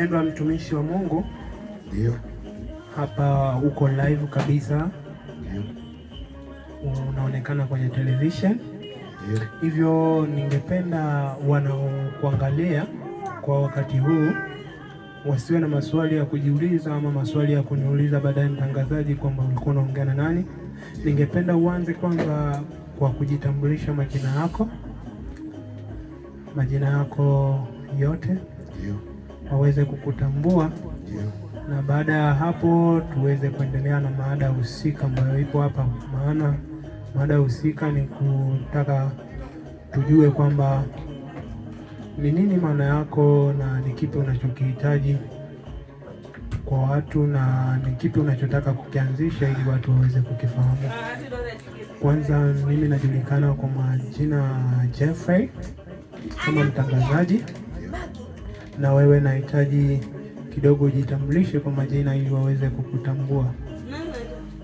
mpendwa mtumishi wa Mungu. Ndio. Hapa uko live kabisa. Ndio. Unaonekana kwenye television. Ndio. Hivyo ningependa wanaokuangalia kwa wakati huu wasiwe na maswali ya kujiuliza ama maswali ya kuniuliza baadaye mtangazaji kwamba ulikuwa unaongea na nani. Ningependa uanze kwanza kwa kujitambulisha majina yako, majina yako yote. Ndio waweze kukutambua na baada ya hapo tuweze kuendelea na maada husika ambayo ipo hapa. Maana maada husika ni kutaka tujue kwamba ni nini maana yako na ni kipi unachokihitaji kwa watu na ni kipi unachotaka kukianzisha ili watu waweze kukifahamu. Kwanza mimi najulikana kwa majina Jeffrey kama mtangazaji na wewe nahitaji kidogo ujitambulishe kwa majina ili waweze kukutambua.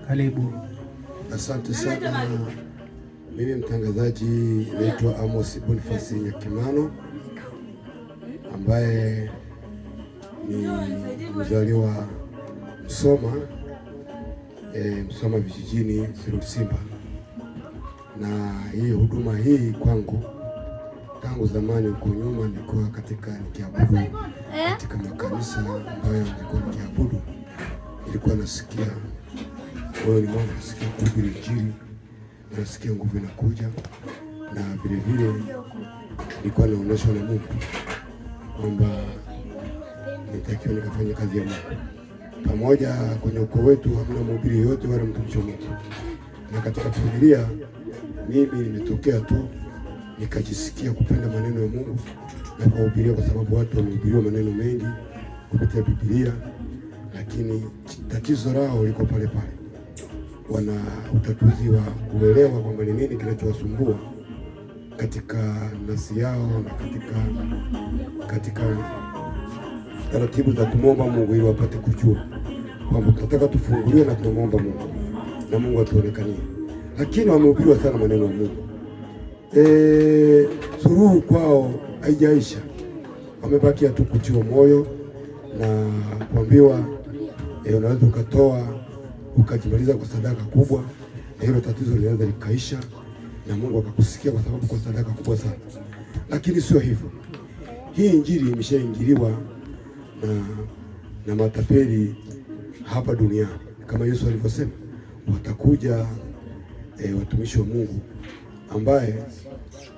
Karibu. Asante sana. Mimi mtangazaji naitwa Amos Bonifasi Nyakimano ambaye ni mzaliwa Msoma e, Msoma vijijini Sirusimba, na hii huduma hii kwangu tangu zamani huko nyuma nilikuwa katika nikiabudu eh? katika makanisa ambayo nilikuwa nikiabudu, nilikuwa nasikia moyo ni mwangu, nasikia nguvu inajiri, nasikia nguvu inakuja, na vilevile nilikuwa naonyeshwa na Mungu kwamba nitakiwa nikafanya kazi ya Mungu pamoja. Kwenye ukoo wetu hamna mhubiri yoyote wala mtumishi wa Mungu, na katika familia mimi nimetokea tu nikajisikia kupenda maneno ya Mungu na kuhubiria, kwa sababu watu wamehubiriwa maneno mengi kupitia Biblia, lakini tatizo lao liko pale pale, wana utatuzi wa kuelewa kwamba ni nini kinachowasumbua katika nafsi yao na katika katika taratibu za kumwomba Mungu ili wapate kujua kwamba tunataka tufunguliwe na tunamwomba Mungu na Mungu atuonekanie, lakini wamehubiriwa sana maneno ya Mungu e, kwao haijaisha, wamebakia tu kutiwa moyo na kuambiwa e, unaweza ukatoa ukajimaliza kwa sadaka kubwa, na hilo tatizo linaweza likaisha na Mungu akakusikia kwa sababu kwa sadaka kubwa sana. Lakini sio hivyo, hii injili imeshaingiliwa na, na matapeli hapa duniani kama Yesu alivyosema, watakuja e, watumishi wa Mungu ambaye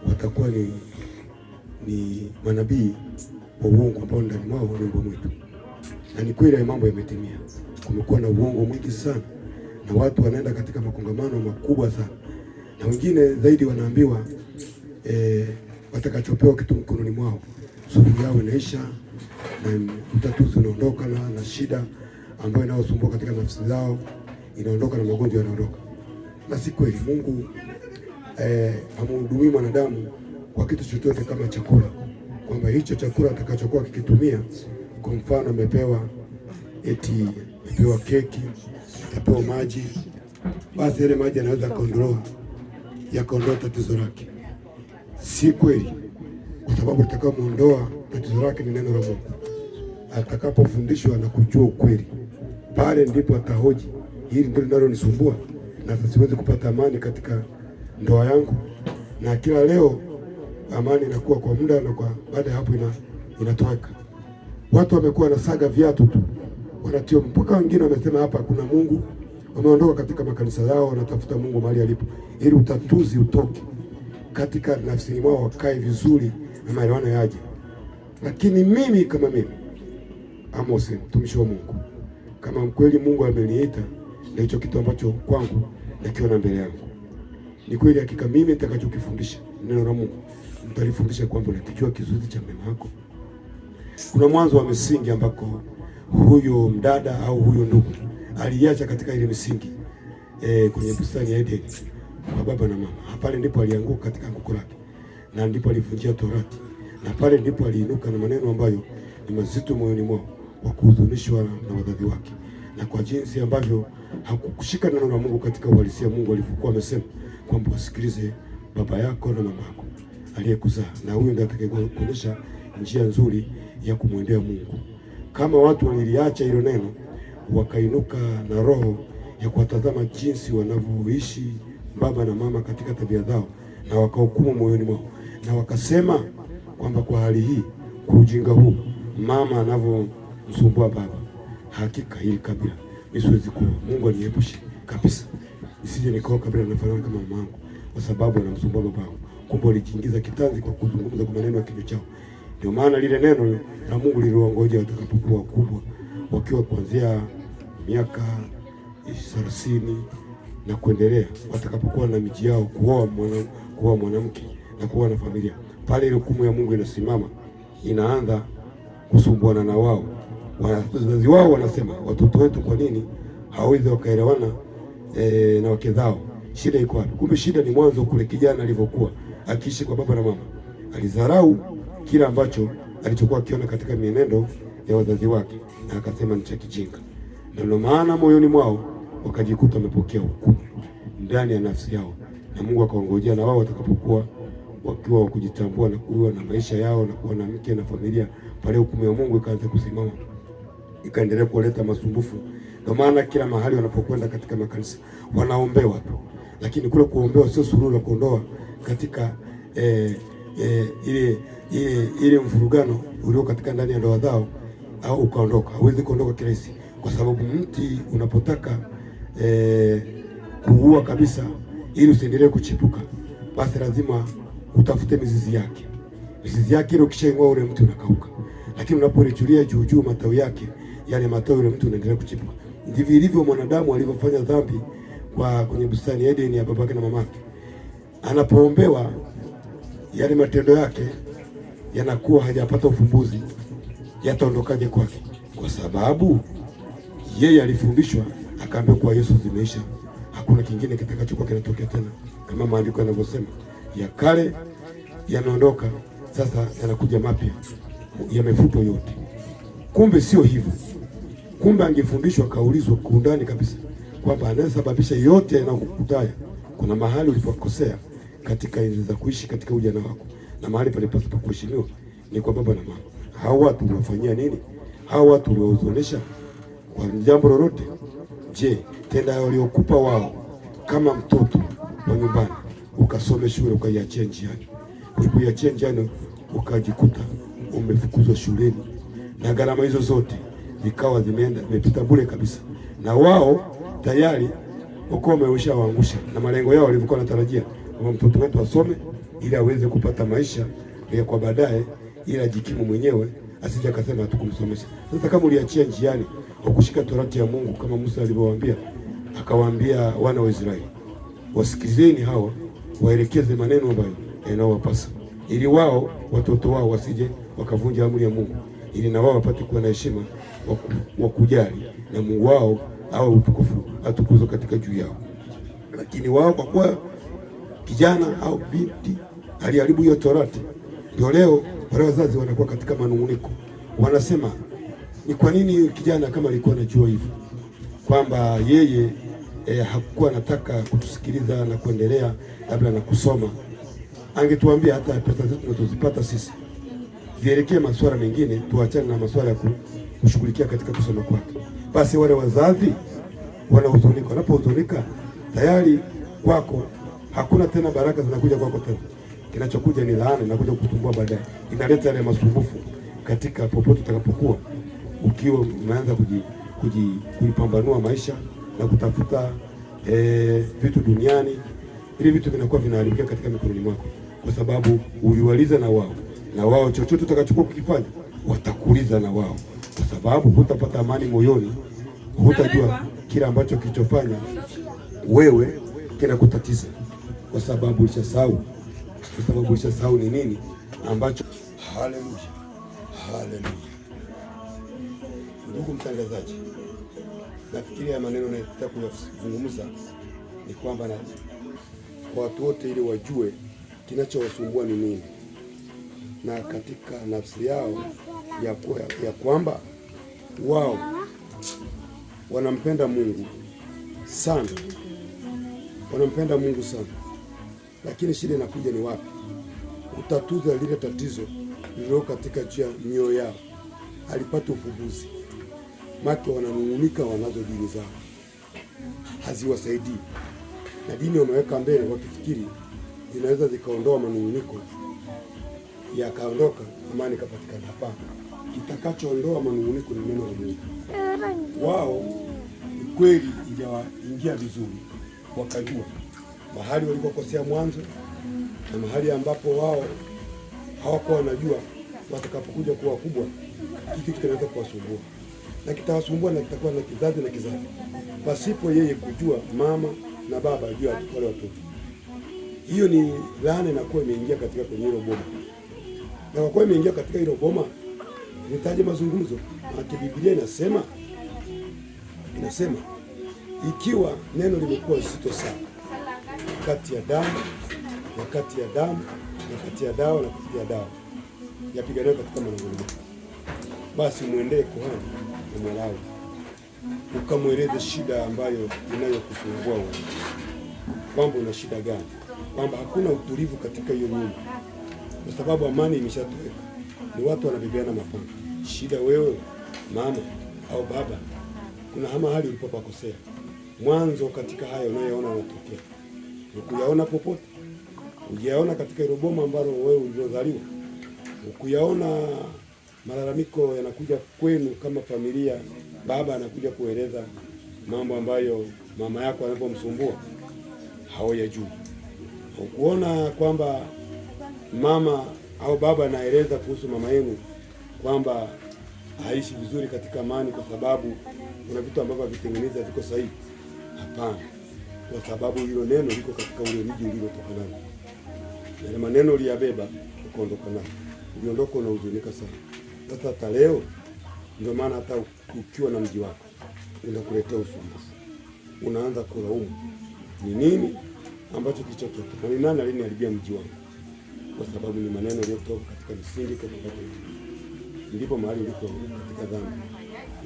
watakuwa ni, ni manabii wa uongo ambao ndani mwao ulimbo mwitu na ni kweli mambo yametimia. Kumekuwa na uongo mwingi sana, na watu wanaenda katika makongamano makubwa sana, na wengine zaidi wanaambiwa eh, watakachopewa kitu mkononi mwao suluhu yao inaisha na utatuzi unaondoka na, na shida ambayo inayosumbua katika nafsi zao inaondoka na magonjwa yanaondoka, na si kweli. Mungu eh, amhudumii mwanadamu kwa kitu chochote kama chakula, kwamba hicho chakula atakachokuwa kikitumia, kwa mfano amepewa eti amepewa keki, amepewa maji, basi yale maji anaweza kondoa yakaondoa tatizo lake. Si kweli, kwa sababu atakayemuondoa tatizo lake ni neno la Mungu. Atakapofundishwa na kujua ukweli, pale ndipo atahoji, hili ndio linalonisumbua na siwezi kupata amani katika ndoa yangu, na kila leo amani inakuwa kwa muda na kwa baada ya hapo ina, inatoweka. Watu wamekuwa wanasaga viatu tu wanatio, mpaka wengine wamesema hapa kuna Mungu, wameondoka katika makanisa yao, wanatafuta Mungu mahali alipo, ili utatuzi utoke katika nafsini mwao, wakae vizuri na maelewano yaje. Lakini mimi kama mimi Amos, mtumishi wa Mungu, kama kweli Mungu ameniita, ndicho kitu ambacho kwangu nakiona mbele yangu ni kweli hakika, mimi nitakachokifundisha neno la Mungu mtalifundisha kwamba unakijua kizuizi cha mema yako. Kuna mwanzo wa misingi ambako huyo mdada au huyo ndugu aliacha katika ile misingi e, kwenye bustani ya Edeni kwa baba na mama. Pale ndipo alianguka katika anguko lake, na ndipo alivunjia torati, na pale ndipo aliinuka na maneno ambayo ni mazito moyoni mwao, wa kuhuzunishwa na wazazi wake na kwa jinsi ambavyo hakukushika neno la Mungu katika uhalisia Mungu alivyokuwa amesema kwamba wasikilize baba yako na mama yako aliyekuzaa, na huyo ndiye atakayekuonyesha njia nzuri ya kumwendea Mungu. Kama watu waliliacha hilo neno, wakainuka na roho ya kuwatazama jinsi wanavyoishi baba na mama katika tabia zao, na wakahukumu moyoni mwao, na wakasema kwamba kwa hali hii, kwa ujinga huu, mama anavyomsumbua baba Hakika hili kabila mimi siwezi kuoa. Mungu aniepushe kabisa, nisije nikaoa kabila linafanana kama mamangu, kwa sababu anamsumbua babangu. Kumbe walijiingiza kitanzi kwa kuzungumza kwa maneno ya kinywa chao. Ndio maana lile neno la Mungu liliwangoja watakapokuwa wakubwa, wakiwa kuanzia miaka thelathini na kuendelea, watakapokuwa na miji yao, kuoa mwana, kuoa mwanamke na kuwa na familia, pale ile hukumu ya Mungu inasimama, inaanza kusumbuana na wao wazazi wao wanasema watoto wetu kwa nini hawawezi wakaelewana e, na wake zao, shida iko wapi? Kumbe shida ni mwanzo kule, kijana alivyokuwa akiishi kwa baba na mama, alidharau kila ambacho alichokuwa akiona katika mienendo ya wazazi wake, na akasema ni cha kijinga, na ndio maana moyoni mwao wakajikuta wamepokea hukumu ndani ya nafsi yao, na Mungu akaongojea na wao watakapokuwa wakiwa wakujitambua na kuwa na maisha yao na kuwa na mke na familia, pale hukumu ya Mungu ikaanza kusimama ikaendelea kuleta masumbufu. Ndio maana kila mahali wanapokwenda katika makanisa wanaombewa, tu, lakini kule kuombewa sio suluhu la kuondoa katika eh, eh, ile ile ile mvurugano ulio katika ndani ya ndoa zao au ukaondoka. Hauwezi kuondoka kirahisi, kwa sababu mti unapotaka eh, kuua kabisa ili usiendelee kuchipuka, basi lazima utafute mizizi yake. Mizizi yake ile ukishaing'oa ule mti unakauka, lakini unapolichulia juu juu matawi yake yale matawi yule mtu unaendelea kuchipuka. Ndivyo ilivyo mwanadamu alivyofanya dhambi kwa kwenye bustani ya Edeni ya babake na mamake, anapoombewa yale matendo yake yanakuwa hajapata ufumbuzi, yataondokaje kwake? Kwa sababu yeye alifundishwa akaambiwa kuwa Yesu zimeisha, hakuna kingine kitakachokuwa kinatokea tena, kama maandiko yanavyosema, ya kale yanaondoka, sasa yanakuja mapya, yamefutwa yote. Kumbe sio hivyo. Kumbe angefundishwa kaulizwa kuundani kabisa kwamba anayesababisha yote yanayokukutaya kuna mahali ulipokosea katika enzi za kuishi katika ujana wako, na mahali palipaswa kuheshimiwa ni kwa baba na mama. Hawa watu uliwafanyia nini? Hawa watu uliwahuzunisha kwa jambo lolote? Je, tenda waliokupa wao kama mtoto wa nyumbani, ukasome shule ukaiachia njiani, ulikuiachia njiani ukajikuta umefukuzwa shuleni na gharama hizo zote vikawa vimeenda vimepita bure kabisa, na wao tayari uko wameushawaangusha na malengo yao walivyokuwa wanatarajia kwamba mtoto wetu asome ili aweze kupata maisha ya kwa baadaye, ili ajikimu mwenyewe, asije akasema hatukumsomesha. Sasa kama uliachia njiani wa kushika torati ya Mungu kama Musa alivyowaambia, akawaambia wana wa Israeli, wasikilizeni hawa, waelekeze maneno ambayo yanawapasa, ili wao watoto wao wasije wakavunja amri ya Mungu, ili na wao wapate kuwa na heshima wa kujali na Mungu wao au utukufu atukuzwe katika juu yao. Lakini wao kwa kuwa kijana au binti aliharibu hiyo torati, ndio leo wale wazazi wanakuwa katika manunguniko, wanasema ni kwa nini kijana kama alikuwa anajua hivyo kwamba yeye e, hakuwa anataka kutusikiliza na kuendelea labda na kusoma, angetuambia hata pesa zetu tunazozipata sisi vielekee masuala mengine, tuachane na masuala ya kushughulikia katika kusoma kwake. Basi wale wazazi wanahuzunika, wanapohuzunika tayari kwako hakuna tena baraka zinakuja kwako tena, kinachokuja ni laana, inakuja kukusumbua baadaye, inaleta yale masumbufu katika popote utakapokuwa ukiwa umeanza kuji, kuji, kuipambanua maisha na kutafuta e, vitu duniani. Hivi vitu vinakuwa vinaharibika katika mikononi mwako, kwa sababu uliwaliza na wao na wao, chochote utakachokuwa ukifanya watakuuliza na wao sababu hutapata amani moyoni, hutajua kile ambacho kilichofanya wewe kinakutatiza, kwa sababu ulishasahau, kwa sababu ulishasahau ni nini ambacho. Haleluya, haleluya. Ndugu mtangazaji, nafikiria ya maneno nayotaka kuzungumza ni kwamba na kwa watu wote ili wajue kinachowasumbua ni nini, na katika nafsi yao ya, ya kwamba wao wanampenda Mungu sana, wanampenda Mungu sana, lakini shida inakuja ni wapi? Utatuza lile tatizo lililo katika jia mioyo yao, alipata ufumbuzi make, wananung'unika, wanazo dini zao haziwasaidii, na dini wameweka mbele wakifikiri zinaweza zikaondoa manung'uniko, yakaondoka amani kapatikana. Hapana kitakachoondoa manunguniko ni neno la Mungu. Eh, wao ni kweli iliwaingia vizuri, wakajua mahali walikokosea mwanzo na mahali ambapo wao hawakuwa wanajua, watakapokuja kuwa wakubwa, hiki kitu kinaweza kuwasumbua na kitawasumbua na kitakuwa na kizazi na kizazi, pasipo yeye kujua, mama na baba juu ya wale watoto. Hiyo ni laana inakuwa imeingia katika kwenye hilo boma, na kwa kuwa imeingia katika hilo boma Nitaje mazungumzo na Biblia inasema inasema ikiwa neno limekuwa zito sana kati ya damu na kati ya damu na kati ya dawa na kati ya dawa yapiganiwa katika manung'uniko, basi mwendee kuhani na Mwalawi ukamweleze shida ambayo inayokusumbua wewe, kwamba una shida gani, kwamba hakuna utulivu katika hiyo nyumba, kwa sababu amani imeshatoweka, ni watu wanabebeana mapanga shida wewe mama au baba, kuna mahali ulipopakosea mwanzo katika hayo unayoona yanatokea, ukuyaona popote, ujayaona katika iroboma boma ambalo wewe uliozaliwa, ukuyaona malalamiko yanakuja kwenu kama familia. Baba anakuja kueleza mambo ambayo mama yako anapomsumbua juu, Ukuona kwamba mama au baba anaeleza kuhusu mama yenu kwamba haishi vizuri katika amani, kwa sababu kuna vitu ambavyo havitengeneza viko sahihi. Hapana, kwa sababu hilo neno liko katika ule mji uliotoka nao, yale maneno uliyabeba ukaondoka nao, uliondoka unahuzunika sana. Sasa hata leo ndio maana hata ukiwa na mji wako unakuletea usumbufu, unaanza kulaumu ni nini ambacho kilichotokea, ni nani aliniharibia mji wangu, kwa sababu ni maneno yaliyotoka katika misingi katika ndipo mahali ulipo katika dhambi,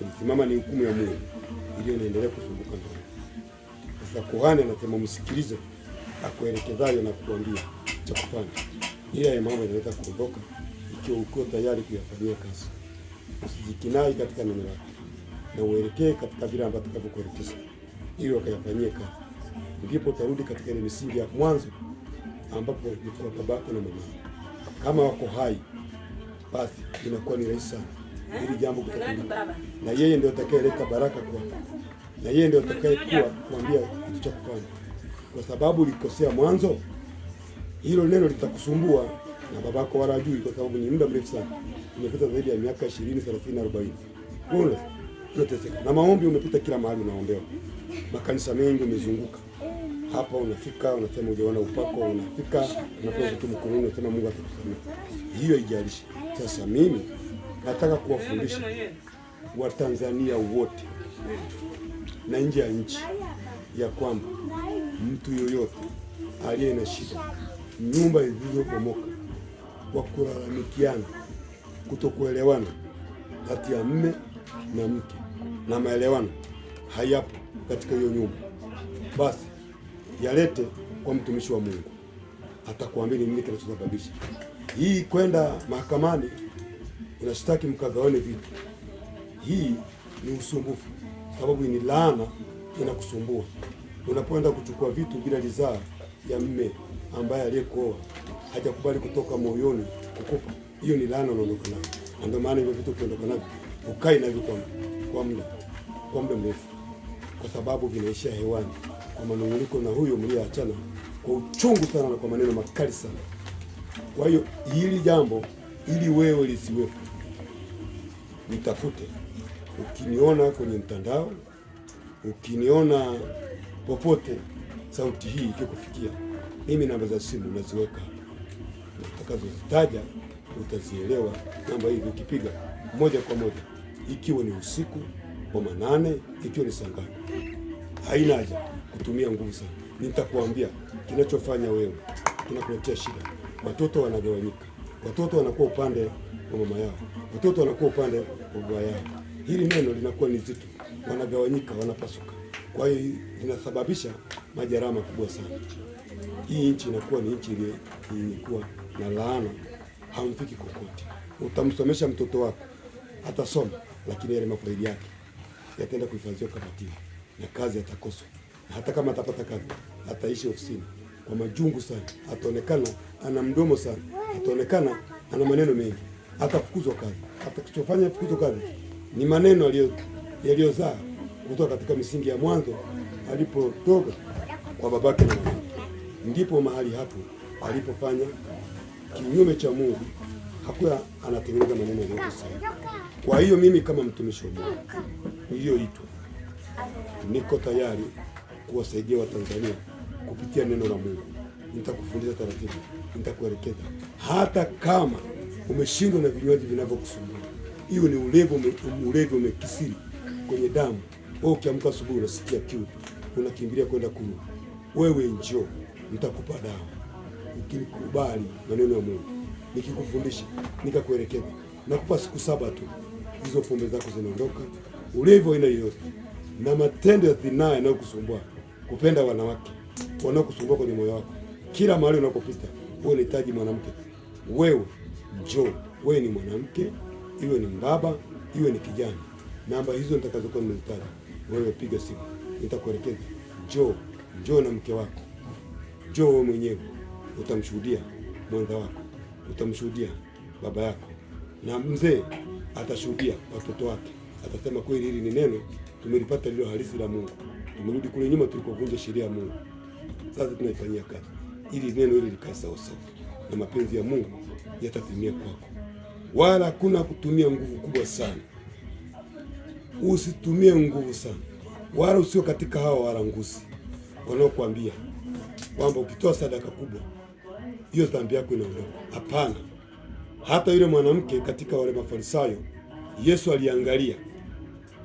ulisimama ni hukumu ya Mungu iliyo inaendelea kuzunguka ndani. Sasa kuhani anasema msikilize akuelekezayo na kukuambia cha kufanya, ila ya mambo inaweza kuondoka ikiwa uko tayari kuyafanyia kazi. Usijikinai katika neno lako na uelekee katika vile ambavyo tutakavyokuelekeza ili wakayafanyie kazi, ndipo utarudi katika ile misingi ya mwanzo ambapo ni kwa baba na mama kama wako hai basi inakuwa ni rahisi sana eh? hili jambo kutatuliwa, na yeye ndio atakayeleta baraka kwa, na yeye ndio atakayekuwa kuambia kitu cha kufanya, kwa sababu ulikosea mwanzo, hilo neno litakusumbua na babako wala ajui, kwa sababu ni muda mrefu sana umepita, zaidi ya miaka 20, 30, 40 kuna unateseka na maombi, umepita kila mahali unaombewa, makanisa mengi umezunguka hapa unafika unasema ujaona upako, unafika unapewa kitu mkononi, unasema Mungu atakusamehe. Hiyo haijalishi. Sasa mimi nataka kuwafundisha Watanzania wote na nje ya nchi ya kwamba mtu yoyote aliye na shida, nyumba zilizobomoka, kwa kulalamikiana, kutokuelewana kati ya mme na mke na maelewano hayapo katika hiyo nyumba, basi yalete kwa mtumishi wa Mungu, atakuambia nini kinachosababisha. Hii kwenda mahakamani unashtaki mkagaone vitu, hii ni usumbufu, sababu ni laana inakusumbua unapoenda kuchukua vitu bila ridhaa ya mme ambaye aliyekuoa hajakubali kutoka moyoni kukupa, hiyo ni laana, unaondoka nayo. Na ndio maana hivyo vitu ukiondoka navyo ukai navyo kwa kwa muda kwa muda mrefu, kwa sababu vinaishia hewani kwa manunguniko na huyo mliyeachana kwa uchungu sana na kwa maneno makali sana. Kwa hiyo hili jambo ili wewe lisiwepo, nitafute. Ukiniona kwenye mtandao, ukiniona popote, sauti hii ikikufikia mimi, namba za simu naziweka, utakazozitaja utazielewa. Namba hii ukipiga moja kwa moja, ikiwa ni usiku wa manane, ikiwa ni saa ngapi, haina haja kutumia nguvu sana. Nitakuambia kinachofanya wewe tunakuletea shida watoto wanagawanyika, watoto wanakuwa upande wa mama yao, watoto wanakuwa upande wa baba yao. Hili neno linakuwa ni zito, wanagawanyika, wanapasuka. Kwa hiyo linasababisha majeraha makubwa sana. Hii nchi inakuwa ni nchi ile yenye kuwa na laana, hamfiki kokote. Utamsomesha mtoto wako atasoma, lakini yale mafaili yake yataenda kuhifadhiwa kabatini na kazi atakoswa, hata kama atapata kazi ataishi ofisini kwa majungu sana, ataonekana ana mdomo sana, ataonekana ana maneno mengi, atafukuzwa kazi. Atakachofanya fukuzwa kazi ni maneno yaliyozaa kutoka katika misingi ya mwanzo alipotoka kwa babake na mama. Ndipo mahali hapo alipofanya kinyume cha Mungu, hakuwa anatengeneza maneno yote sana. Kwa hiyo mimi kama mtumishi wa Mungu niliyoitwa, niko tayari kuwasaidia Watanzania kupitia neno la Mungu. Nitakufundisha taratibu, nitakuelekeza hata kama umeshindwa na vinywaji vinavyokusumbua. Hiyo ni ulevi, ulevi umekisiri kwenye damu. Wewe ukiamka asubuhi unasikia kiu, unakimbilia kwenda kunywa. Wewe njoo, nitakupa damu ukinikubali maneno ya Mungu, nikikufundisha, nikakuelekeza. Nakupa siku saba tu, hizo pombe zako zinaondoka, ulevi wa aina yoyote na matendo ya zinaa yanayokusumbua, kupenda wanawake wanaokusumbua kwenye moyo wako, kila mahali unakopita. Wewe unahitaji mwanamke, wewe jo, wewe ni mwanamke, iwe ni mbaba, iwe ni kijana. Namba hizo nitakazokuwa nimezitaja, wewe piga simu, nitakuelekeza. Jo, njoo na mke wako, jo wewe mwenyewe utamshuhudia mwenza wako, utamshuhudia baba yako, na mzee atashuhudia watoto wake, atasema kweli, hili ni neno tumelipata lilo halisi la Mungu. Tumerudi kule nyuma tulikovunja sheria ya Mungu sasa tunaifanyia kazi ili neno hili likae sawa na mapenzi ya Mungu yatatimia kwako, wala hakuna kutumia nguvu kubwa sana. Usitumie nguvu sana, wala usio katika hawa walanguzi wanaokuambia kwamba ukitoa sadaka kubwa hiyo dhambi yako inaondoka. Hapana, hata yule mwanamke katika wale Mafarisayo Yesu aliangalia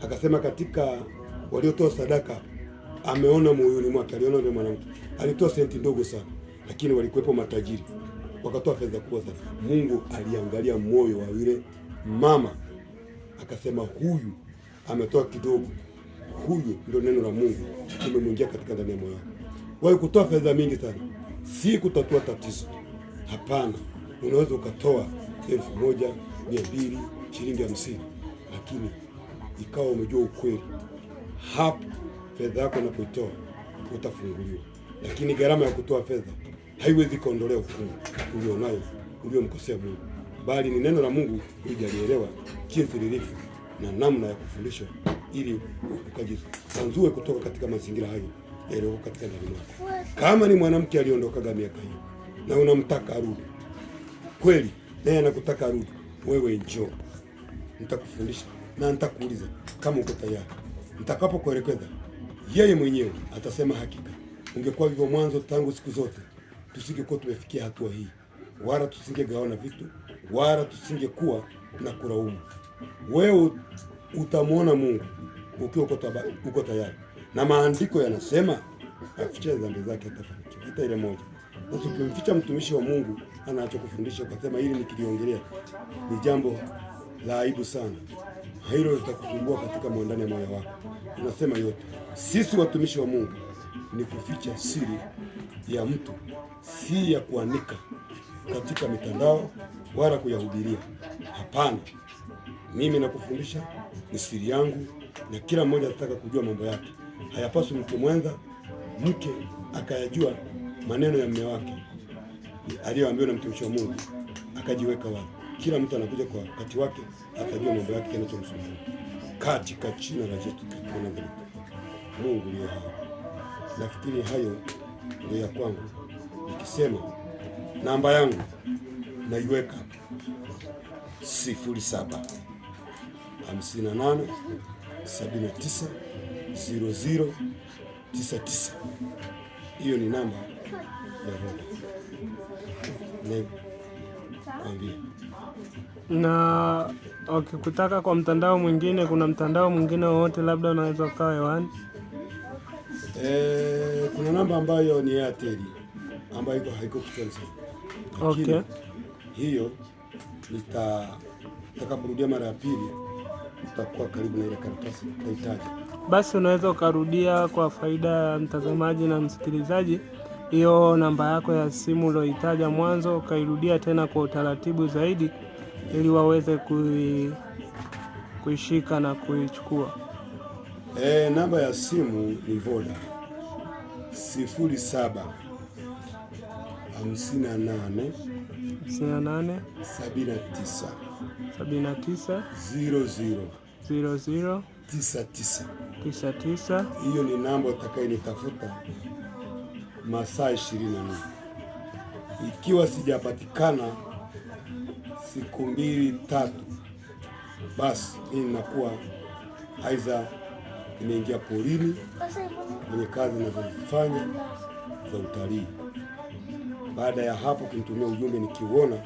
akasema, katika waliotoa sadaka ameona moyoni mwake, aliona yule mwanamke alitoa senti ndogo sana, lakini walikuwepo matajiri wakatoa fedha kubwa sana. Mungu aliangalia moyo wa yule mama akasema, huyu ametoa kidogo, huyu ndio neno la Mungu limemwingia katika ndani ya moyo wake. Wewe kutoa fedha mingi sana si kutatua tatizo, hapana. Unaweza ukatoa elfu moja mia mbili shilingi hamsini, lakini ikawa umejua ukweli, hapo fedha yako unapoitoa utafunguliwa lakini gharama ya kutoa fedha haiwezi kuondolea ufungu ulionayo uliomkosea Mungu, bali ni neno la Mungu lijalielewa kiutimilifu na namna ya kufundishwa ili ukajisanzue kutoka katika mazingira hayo yaliyo katika ndani mwako. Kama ni mwanamke aliondokaga miaka hiyo na unamtaka arudi kweli, naye anakutaka arudi, wewe njoo, nitakufundisha na nitakuuliza kama uko tayari. Nitakapokuelekeza yeye mwenyewe atasema hakika Ungekuwa vivyo mwanzo tangu siku zote, tusingekuwa tumefikia hatua hii, wala tusingegawana vitu, wala tusingekuwa na kulaumu. Wewe utamwona Mungu ukiwa uko tayari, na maandiko yanasema afiche dhambi zake atafanikiwa hata ile moja. ukimficha mtumishi wa Mungu anachokufundisha ukasema hili nikiliongelea ni jambo la aibu sana, hilo litakusumbua katika mwandani ya moyo wako. Tunasema yote sisi watumishi wa Mungu ni kuficha siri ya mtu, si ya kuanika katika mitandao wala kuyahubiria. Hapana, mimi nakufundisha ni siri yangu, na kila mmoja anataka kujua mambo yake. Hayapaswi mtu mwenza mke akayajua maneno ya mume wake aliyoambiwa na mtumishi wa Mungu akajiweka wazi. Kila mtu anakuja kwa wakati wake, atajua mambo yake yanachomsumbua katika china la Yesu Kristo. Mungu liyoha Nafikiri hayo ndio ya kwangu. Nikisema namba yangu naiweka sifuri saba hamsini na nane sabini na tisa tisa tisa. Hiyo ni namba ya roda nakwambia. Na ukikutaka okay, kwa mtandao mwingine, kuna mtandao mwingine wowote labda unaweza ukawa hewani? Eh, kuna namba ambayo ni Airtel ambayo iko haiko kichwani Okay. Hiyo nita nitakaporudia mara ya pili tutakuwa karibu na ile karatasi tutahitaji. Basi unaweza ukarudia kwa faida ya mtazamaji na msikilizaji hiyo namba yako ya simu ulioitaja mwanzo ukairudia tena kwa utaratibu zaidi ili waweze kui, kuishika na kuichukua. E, namba ya simu ni Voda sifuri saba hamsini na nane hamsini na nane sabini na tisa sabini na tisa tisa tisa tisa tisa. Hiyo ni namba utakayenitafuta masaa ishirini na nne. Ikiwa sijapatikana siku mbili tatu, basi mimi nakuwa aidha nimeingia polini kwenye kazi nazozifanya za utalii. Baada ya hapo, kinitumia ujumbe, nikiuona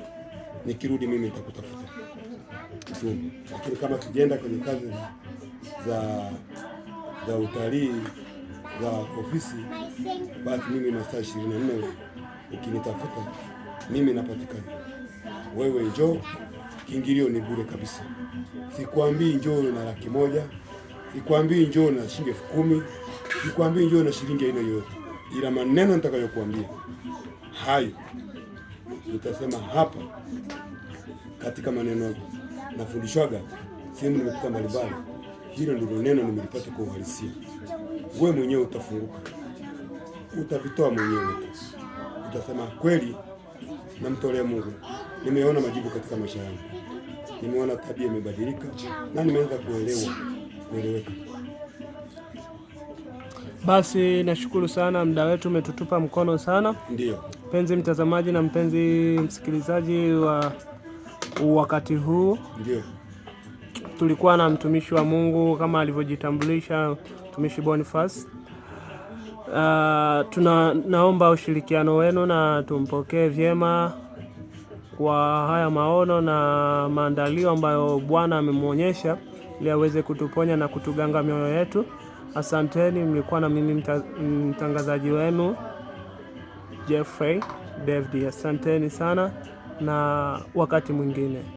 nikirudi mimi nitakutafuta ujumbe, lakini kama sijaenda kwenye kazi za za utalii za ofisi, basi mimi masaa ishirini na nne ukinitafuta mimi napatikana. Wewe njoo, kiingilio ni bure kabisa, sikwambii njoo na laki moja Nikwambie njoo na shilingi elfu kumi, nikwambie njoo na shilingi aina yote, ila maneno nitakayokuambia hayo nitasema hapa. Katika maneno nafundishwaga sehemu nimepita mbalimbali, hilo ndilo neno nimelipata kwa uhalisia. We mwenyewe utafunguka, utavitoa mwenyewe, utasema kweli, namtolea Mungu. Nimeona majibu katika maisha yangu, nimeona tabia imebadilika na nimeanza kuelewa mwili Basi nashukuru sana, muda wetu umetutupa mkono sana. Ndio mpenzi mtazamaji na mpenzi msikilizaji wa wakati huu, ndio tulikuwa na mtumishi wa Mungu kama alivyojitambulisha mtumishi Boniface. Uh, ah, tuna naomba ushirikiano wenu na tumpokee vyema kwa haya maono na maandalio ambayo Bwana amemwonyesha ili aweze kutuponya na kutuganga mioyo yetu. Asanteni, mlikuwa na mimi mta, mtangazaji wenu Jeffrey David. Asanteni sana na wakati mwingine.